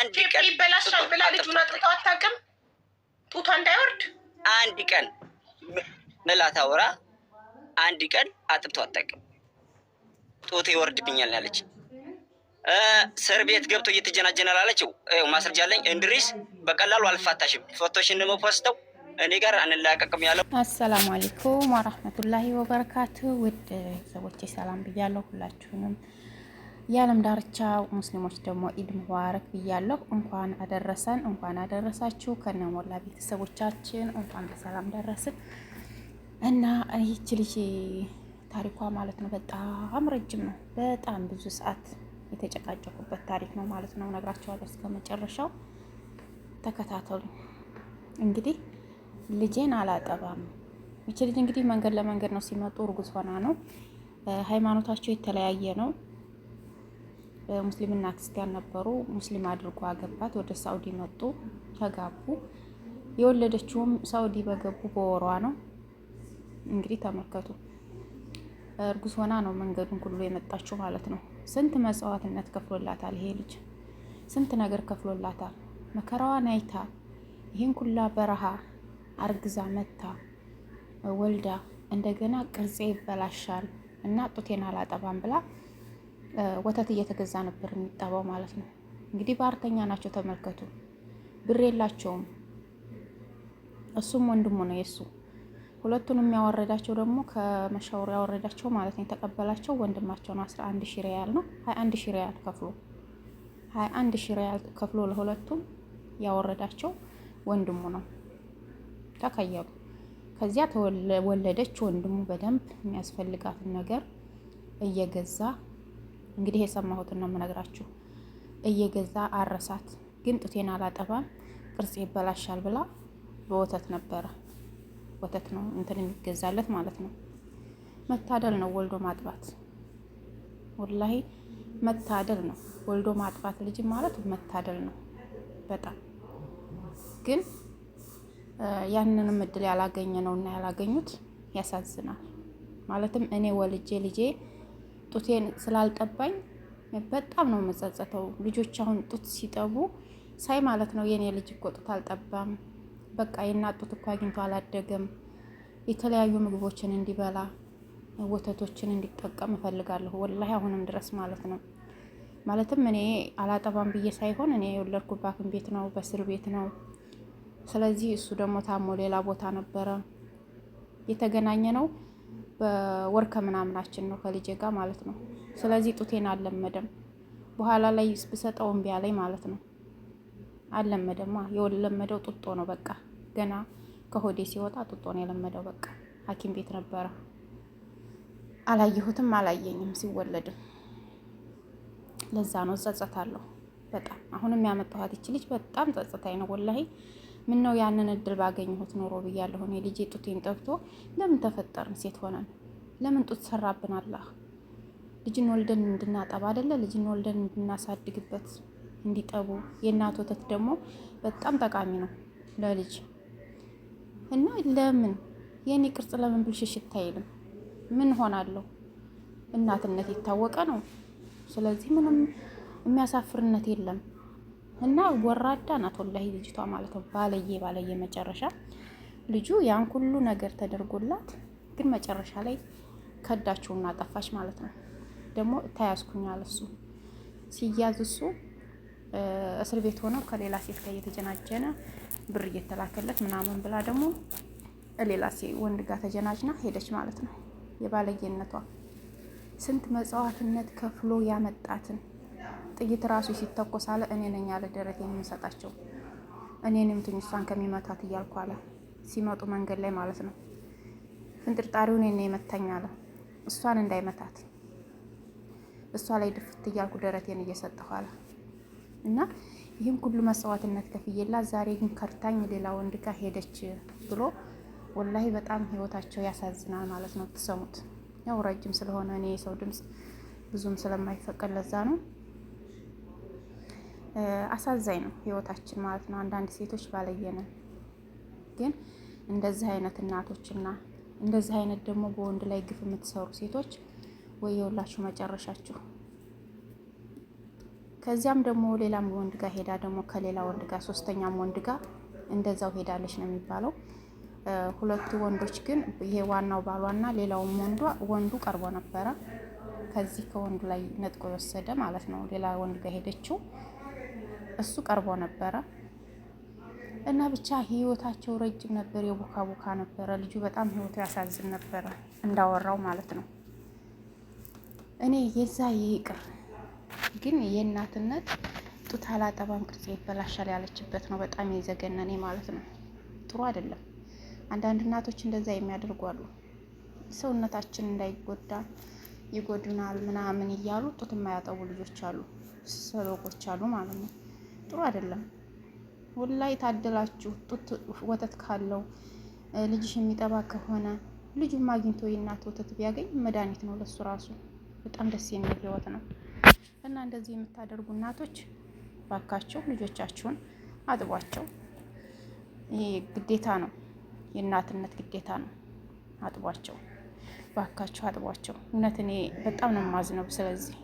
አንድ ቀን ይበላሻል ብላ ልጁን አጥጣው አታውቅም። ጡቷ እንዳይወርድ አንድ ቀን መላት አውራ አንድ ቀን አጥብቶ አታውቅም። ጡት ይወርድብኛል ያለች እስር ቤት ገብቶ እየተጀናጀናል አለችው። ይኸው ማስረጃ አለኝ። እንድሪስ በቀላሉ አልፋታሽም፣ ፎቶሽን ደግሞ ፖስተው እኔ ጋር አንላቀቅም ያለው። አሰላሙ አለይኩም ወራህመቱላሂ ወበረካቱ። ውድ ሰዎች ሰላም ብያለሁ ሁላችሁንም የዓለም ዳርቻ ሙስሊሞች ደግሞ ኢድ ሙባረክ ብያለሁ። እንኳን አደረሰን፣ እንኳን አደረሳችሁ ከነሞላ ቤተሰቦቻችን እንኳን በሰላም ደረስን እና ይህች ልጅ ታሪኳ ማለት ነው በጣም ረጅም ነው። በጣም ብዙ ሰዓት የተጨቃጨቁበት ታሪክ ነው ማለት ነው። ነግራቸዋለሁ እስከ መጨረሻው ተከታተሉ። እንግዲህ ልጄን አላጠባም። ይች ልጅ እንግዲህ መንገድ ለመንገድ ነው ሲመጡ እርጉዝ ሆና ነው። ሃይማኖታቸው የተለያየ ነው። ሙስሊምና ክርስቲያን ነበሩ። ሙስሊም አድርጎ አገባት። ወደ ሳውዲ መጡ፣ ተጋቡ። የወለደችውም ሳውዲ በገቡ በወሯ ነው። እንግዲህ ተመልከቱ። እርጉዝ ሆና ነው መንገዱን ሁሉ የመጣችው ማለት ነው። ስንት መጽዋትነት ከፍሎላታል ይሄ ልጅ፣ ስንት ነገር ከፍሎላታል። መከራዋን አይታ ይህን ኩላ በረሃ አርግዛ መታ ወልዳ እንደገና ቅርጼ ይበላሻል እና ጡቴን አላጠባም ብላ ወተት እየተገዛ ነበር የሚጠባው ማለት ነው። እንግዲህ ባህርተኛ ናቸው ተመልከቱ። ብር የላቸውም። እሱም ወንድሙ ነው የእሱ። ሁለቱን የሚያወረዳቸው ደግሞ ከመሻወሩ ያወረዳቸው ማለት ነው የተቀበላቸው ወንድማቸው ነው። አንድ ሺ ሪያል ነው አንድ ሺ ሪያል ከፍሎ አንድ ሺ ሪያል ከፍሎ ለሁለቱም ያወረዳቸው ወንድሙ ነው። ተከየሉ። ከዚያ ተወለደች። ወንድሙ በደንብ የሚያስፈልጋትን ነገር እየገዛ እንግዲህ የሰማሁትን ነው የምነግራችሁ። እየገዛ አረሳት። ግን ጡቴን አላጠባም ቅርጽ ይበላሻል ብላ በወተት ነበረ ወተት ነው እንትን የሚገዛለት ማለት ነው። መታደል ነው ወልዶ ማጥባት፣ ወላሂ መታደል ነው ወልዶ ማጥባት። ልጅ ማለት መታደል ነው በጣም ግን ያንንም እድል ያላገኘ ነው እና ያላገኙት ያሳዝናል። ማለትም እኔ ወልጄ ልጄ ጡቴን ስላልጠባኝ በጣም ነው መጸጸተው። ልጆች አሁን ጡት ሲጠቡ ሳይ ማለት ነው የኔ ልጅ እኮ ጡት አልጠባም፣ በቃ የእናት ጡት እኮ አግኝቶ አላደገም። የተለያዩ ምግቦችን እንዲበላ ወተቶችን እንዲጠቀም እፈልጋለሁ። ወላሂ አሁንም ድረስ ማለት ነው ማለትም እኔ አላጠባም ብዬ ሳይሆን እኔ የወለድኩባትን ቤት ነው በእስር ቤት ነው። ስለዚህ እሱ ደግሞ ታሞ ሌላ ቦታ ነበረ የተገናኘ ነው በወር ከምናምናችን ነው ከልጄ ጋር ማለት ነው። ስለዚህ ጡቴን አልለመደም። በኋላ ላይ ብሰጠው እምቢ አለኝ ማለት ነው። አልለመደማ። የለመደው ጡጦ ነው በቃ። ገና ከሆዴ ሲወጣ ጡጦ ነው የለመደው በቃ። ሐኪም ቤት ነበረ። አላየሁትም፣ አላየኝም ሲወለድም። ለዛ ነው ጸጸታለሁ በጣም አሁንም ያመጣኋት ይች ልጅ በጣም ጸጸታይ ነው ወላሂ። ምን ነው ያንን እድል ባገኘሁት ኖሮ ብያለሁ እኔ። ልጄ ጡቴን ጠብቶ ለምን ተፈጠርን ሴት ሆነን? ለምን ጡት ሰራብን አላህ? ልጅን ወልደን እንድናጠብ አይደለ? ልጅን ወልደን እንድናሳድግበት እንዲጠቡ። የእናት ወተት ደግሞ በጣም ጠቃሚ ነው ለልጅ እና ለምን የእኔ ቅርጽ ለምን ብልሽሽት አይልም? ምን ሆናለሁ? እናትነት የታወቀ ነው። ስለዚህ ምንም የሚያሳፍርነት የለም። እና ወራዳ ናት ወላሂ ልጅቷ ማለት ነው። ባለየ ባለየ መጨረሻ ልጁ ያን ሁሉ ነገር ተደርጎላት ግን መጨረሻ ላይ ከዳችሁና ጠፋች ማለት ነው። ደግሞ ተያዝኩኛል እሱ ሲያዝ እሱ እስር ቤት ሆነው ከሌላ ሴት ጋር እየተጀናጀነ ብር እየተላከለት ምናምን ብላ ደግሞ ሌላ ወንድ ጋር ተጀናጅና ሄደች ማለት ነው። የባለየነቷ ስንት መጽዋትነት ከፍሎ ያመጣትን ጥይት ራሱ ሲተኮስ አለ እኔ ነኝ አለ ደረት የምንሰጣቸው እኔንም ትኝ እሷን ከሚመታት እያልኩ አለ። ሲመጡ መንገድ ላይ ማለት ነው። ፍንጥርጣሪው እኔ ነው የመታኝ አለ። እሷን እንዳይመታት እሷ ላይ ድፍት እያልኩ ደረቴን እየሰጠሁ አለ እና ይህም ሁሉ መስዋዕትነት ከፍዬላ ዛሬ ግን ከርታኝ ሌላ ወንድ ጋር ሄደች ብሎ ወላሂ በጣም ህይወታቸው ያሳዝናል ማለት ነው። ትሰሙት ያው ረጅም ስለሆነ እኔ የሰው ድምፅ ብዙም ስለማይፈቀድ ለዛ ነው። አሳዛኝ ነው ህይወታችን ማለት ነው። አንዳንድ ሴቶች ባለየነ ግን እንደዚህ አይነት እናቶችና እንደዚህ አይነት ደግሞ በወንድ ላይ ግፍ የምትሰሩ ሴቶች ወይ የውላችሁ መጨረሻችሁ። ከዚያም ደግሞ ሌላም ወንድ ጋር ሄዳ ደግሞ ከሌላ ወንድ ጋር ሶስተኛም ወንድ ጋር እንደዛው ሄዳለች ነው የሚባለው። ሁለቱ ወንዶች ግን ይሄ ዋናው ባሏና ሌላውም ወንዷ ወንዱ ቀርቦ ነበረ። ከዚህ ከወንዱ ላይ ነጥቆ የወሰደ ማለት ነው። ሌላ ወንድ ጋር ሄደችው እሱ ቀርቦ ነበረ እና ብቻ ህይወታቸው ረጅም ነበር። የቦካ ቡካ ነበረ። ልጁ በጣም ህይወቱ ያሳዝን ነበረ እንዳወራው ማለት ነው። እኔ የዛ ይቅር ግን የእናትነት ጡት አላጠባም ቅርጽ ይበላሻል ያለችበት ነው በጣም የዘገነኔ ማለት ነው። ጥሩ አይደለም። አንዳንድ እናቶች እንደዛ የሚያደርጉ አሉ። ሰውነታችን እንዳይጎዳ ይጎዱናል ምናምን እያሉ ጡት የማያጠቡ ልጆች አሉ፣ ሰሎቆች አሉ ማለት ነው። ጥሩ አይደለም። ወላሂ ታደላችሁ። ጡት ወተት ካለው ልጅሽ የሚጠባ ከሆነ ልጁም አግኝቶ የእናት ወተት ቢያገኝ መድኃኒት ነው ለሱ ራሱ። በጣም ደስ የሚል ህይወት ነው እና እንደዚህ የምታደርጉ እናቶች ባካቸው ልጆቻችሁን አጥቧቸው። ይሄ ግዴታ ነው፣ የእናትነት ግዴታ ነው። አጥቧቸው ባካቸው፣ አጥቧቸው። እውነት እኔ በጣም ነው የማዝነው ስለዚህ